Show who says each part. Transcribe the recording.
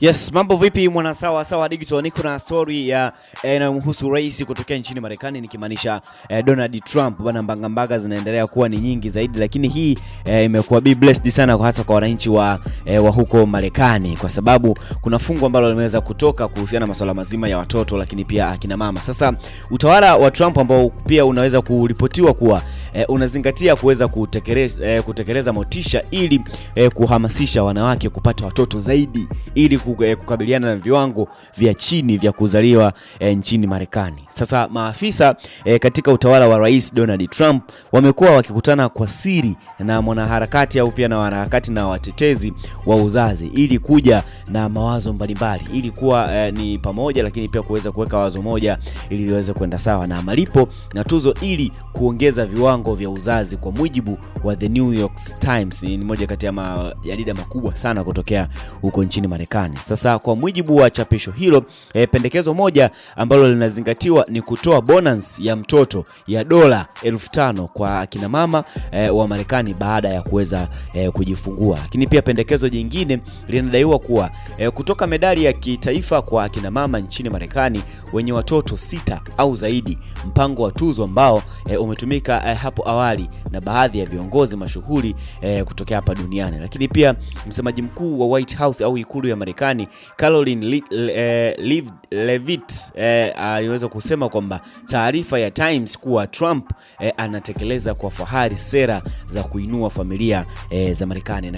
Speaker 1: Yes, mambo vipi mwana sawa sawa digital, niko na story ya eh, inayomhusu eh, rais kutokea nchini Marekani nikimaanisha eh, Donald Trump bana. Mbangambanga zinaendelea kuwa ni nyingi zaidi, lakini hii eh, imekuwa be blessed sana hasa kwa wananchi wa, eh, wa huko Marekani kwa sababu kuna fungu ambalo limeweza kutoka kuhusiana na masuala mazima ya watoto, lakini pia akina mama. Sasa utawala wa Trump ambao pia unaweza kuripotiwa kuwa eh, unazingatia kuweza kutekeleza, eh, kutekeleza motisha ili eh, kuhamasisha wanawake kupata watoto zaidi ili eh, kukabiliana na viwango vya chini vya kuzaliwa eh, nchini Marekani. Sasa maafisa eh, katika utawala wa Rais Donald Trump wamekuwa wakikutana kwa siri na mwanaharakati au pia na wanaharakati na watetezi wa uzazi ili kuja na mawazo mbalimbali ili kuwa eh, ni pamoja, lakini pia kuweza kuweka wazo moja ili liweze kwenda sawa na malipo na tuzo ili kuongeza viwango viwango vya uzazi kwa mujibu wa The New York Times, ni moja kati ya majarida makubwa sana kutokea huko nchini Marekani. Sasa kwa mujibu wa chapisho hilo e, pendekezo moja ambalo linazingatiwa ni kutoa bonus ya mtoto ya dola elfu tano kwa akina mama e, wa Marekani baada ya kuweza e, kujifungua. Lakini pia pendekezo jingine linadaiwa kuwa e, kutoka medali ya kitaifa kwa akina mama nchini Marekani wenye watoto sita au zaidi, mpango wa tuzo ambao e, umetumika e, hapo awali na baadhi ya viongozi mashuhuri eh, kutokea hapa duniani. Lakini pia msemaji mkuu wa White House au ikulu ya Marekani Caroline Le Le eh, Le Levitt eh, aliweza kusema kwamba taarifa ya Times kuwa Trump eh, anatekeleza kwa fahari sera za kuinua familia eh, za Marekani.